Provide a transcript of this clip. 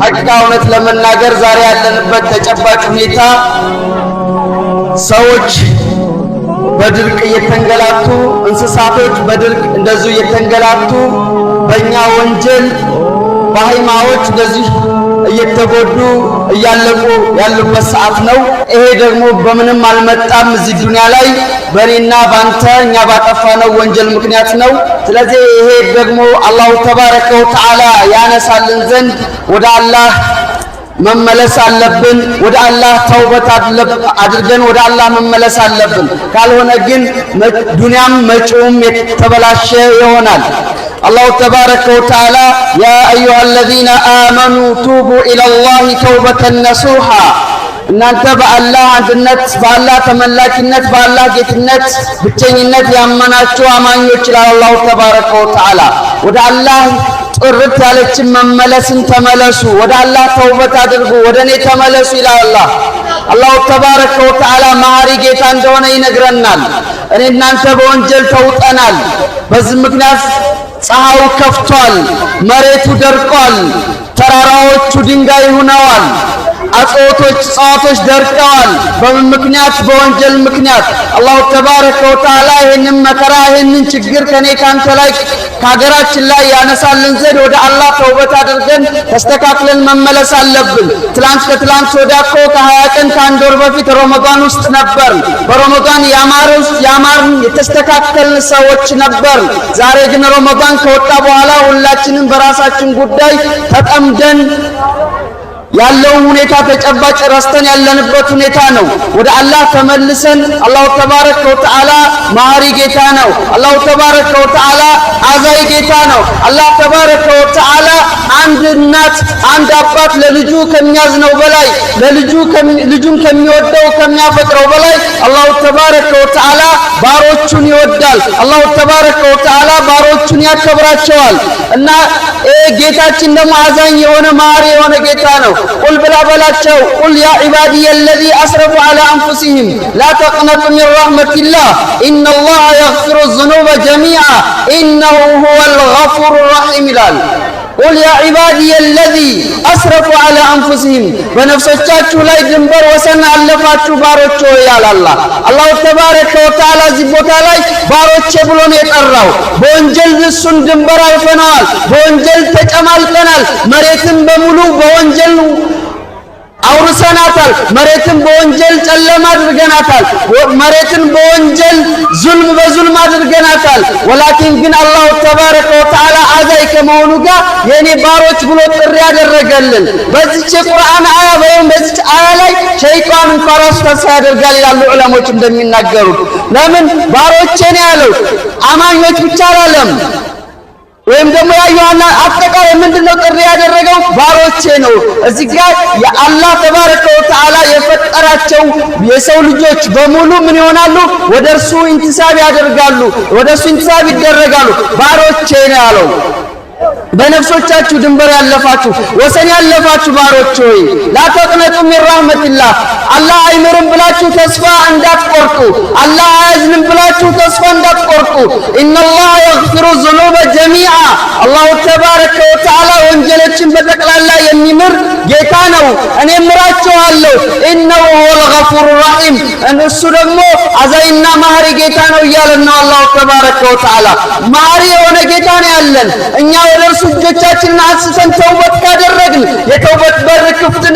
ሐቂቃ እውነት ለመናገር ዛሬ ያለንበት ተጨባጭ ሁኔታ ሰዎች በድርቅ እየተንገላቱ፣ እንስሳቶች በድርቅ እንደዚሁ እየተንገላቱ፣ በእኛ ወንጀል በሃይማዎች እንደዚህ እየተጎዱ እያለቁ ያሉበት ሰዓት ነው። ይሄ ደግሞ በምንም አልመጣም እዚህ ዱንያ ላይ በእኔና በአንተ እኛ ባጠፋነው ወንጀል ምክንያት ነው። ስለዚህ ይሄ ደግሞ አላሁ ተባረከ ወተዓላ ያነሳልን ዘንድ ወደ አላህ መመለስ አለብን። ወደ አላህ ተውበት አድርገን ወደ አላህ መመለስ አለብን። ካልሆነ ግን ዱንያም መጪውም የተበላሸ ይሆናል። አላሁ ተባረከ ወተዓላ ያ አዩሃ አለዚነ አመኑ ቱቡ ኢለላሂ ተውበተን ነሱሃ እናንተ በአላህ አንድነት በአላህ ተመላኪነት በአላህ ጌትነት ብቸኝነት ያመናችሁ አማኞች ይላል አላሁ ተባረከ ወተዓላ። ወደ አላህ ጥርት ያለችን መመለስን ተመለሱ፣ ወደ አላህ ተውበት አድርጉ፣ ወደ እኔ ተመለሱ ይላል አላህ። አላሁ ተባረከ ወተዓላ መሐሪ ጌታ እንደሆነ ይነግረናል። እኔ እናንተ በወንጀል ተውጠናል። በዚህ ምክንያት ፀሐዩ ከፍቷል፣ መሬቱ ደርቋል፣ ተራራዎቹ ድንጋይ አጽዋቶች እጽዋቶች ደርቀዋል። በምን ምክንያት? በወንጀል ምክንያት። አላሁ ተባረከ ወተዓላ ይህንን መከራ ይህንን ችግር ከኔ ካንተ ላይ ከሀገራችን ላይ ያነሳልን ዘንድ ወደ አላህ ተውበት አድርገን ተስተካክለን መመለስ አለብን። ትላንት ከትላንት ወዲያ እኮ ከሀያ ቀን ከአንድ ወር በፊት ሮመዳን ውስጥ ነበር። በሮመዳን ያማረ ውስጥ ያማርን የተስተካከልን ሰዎች ነበር። ዛሬ ግን ሮመዳን ከወጣ በኋላ ሁላችንም በራሳችን ጉዳይ ተጠምደን ያለውን ሁኔታ ተጨባጭ ረስተን ያለንበት ሁኔታ ነው። ወደ አላህ ተመልሰን አላሁ ተባረከ ወተዓላ ማሪ ጌታ ነው። አላሁ ተባረከ ወተዓላ አዛይ ጌታ ነው። አላህ ተባረከ ወተዓላ አንድ እናት አንድ አባት ለልጁ ከሚያዝነው በላይ ለልጁ ልጁን ከሚወደው ከሚያፈቅረው በላይ አላሁ ተባረከ ወተዓላ ባሮቹን ይወዳል። አላሁ ተባረከ ወተዓላ ባሮቹን ያከብራቸዋል እና ጌታችን ደግሞ አዛኝ የሆነ ማሪ የሆነ ጌታ ነው። ቁል ብላ በላቸው ቁል ያ ዒባዲየ አለዚ አስረፉ ዐላ አንፉሲሂም ላ ተቅነጡ ሚን ረሕመቲላህ ኢነላሃ የግፊሩ ዙኑበ ጀሚዓ ኢነሁ ሁወል ገፉሩ ረሒም ይላል። ቁል ያ ዒባድየ አለዚ አስረፉ ዐላ አንፉሲሂም በነፍሶቻችሁ ላይ ድንበር ወሰን አለፋችሁ ባሮች ሆይ አለ አላሁ ተባረከ ወተዓላ እዚህ ቦታ ላይ ባሮቼ ብሎ ነው የጠራው። በወንጀል እሱን ድንበር አልፈነዋል። በወንጀል ተጨማልቀናል። መሬትን በሙሉ በወንጀል መሬትን በወንጀል ጨለማ አድርገናታል። መሬትን በወንጀል ዙልም በዙልም አድርገናታል። ወላኪን ግን አላሁ ተባረከ ወተዓላ አዛይ ከመሆኑ ጋር የእኔ ባሮች ብሎ ጥሪ ያደረገልን በዚች የቁርአን አያ ወይም በዚች አያ ላይ ሸይጣን እንኳ ራሱ ተስፋ ያደርጋል ይላሉ ዑለሞች እንደሚናገሩት። ለምን ባሮቼን ያለው አማኞች ብቻ አላለም። ወይም ደግሞ ያ ዮሐና አጠቃላይ ምንድነው ጥሪ ያደረገው? ባሮቼ ነው። እዚህ ጋር የአላህ ተባረከ ወተዓላ የፈጠራቸው የሰው ልጆች በሙሉ ምን ይሆናሉ? ወደ እርሱ ኢንትሳብ ያደርጋሉ፣ ወደ እርሱ ኢንትሳብ ይደረጋሉ። ባሮቼ ነው ያለው። በነፍሶቻችሁ ድንበር ያለፋችሁ ወሰን ያለፋችሁ ባሮች ሆይ ላተቅነጡ ሚን ረሕመቲላህ አላህ አይምርም ብላችሁ ተስፋ እንዳትቆርጡ፣ አላህ አያዝንም ብላችሁ ተስፋ እንዳትቆርጡ። ኢነላህ የግፊሩ ተውበ ጀሚዓ አላሁ ተባረከ ወተዓላ ወንጀሎችን በጠቅላላ የሚምር ጌታ ነው። እኔ ምራቸዋለሁ። ኢነሁ ሁወል ገፉሩ ረሒም፣ እሱ ደግሞ አዛይና ማህሪ ጌታ ነው እያለን ነው አላሁ ተባረከ ወተዓላ። ማህሪ የሆነ ጌታ ነው ያለን። እኛ ወደ እርሱ እጆቻችንን አንስተን ተውበት ካደረግን የተውበት በር ክፍት ነው።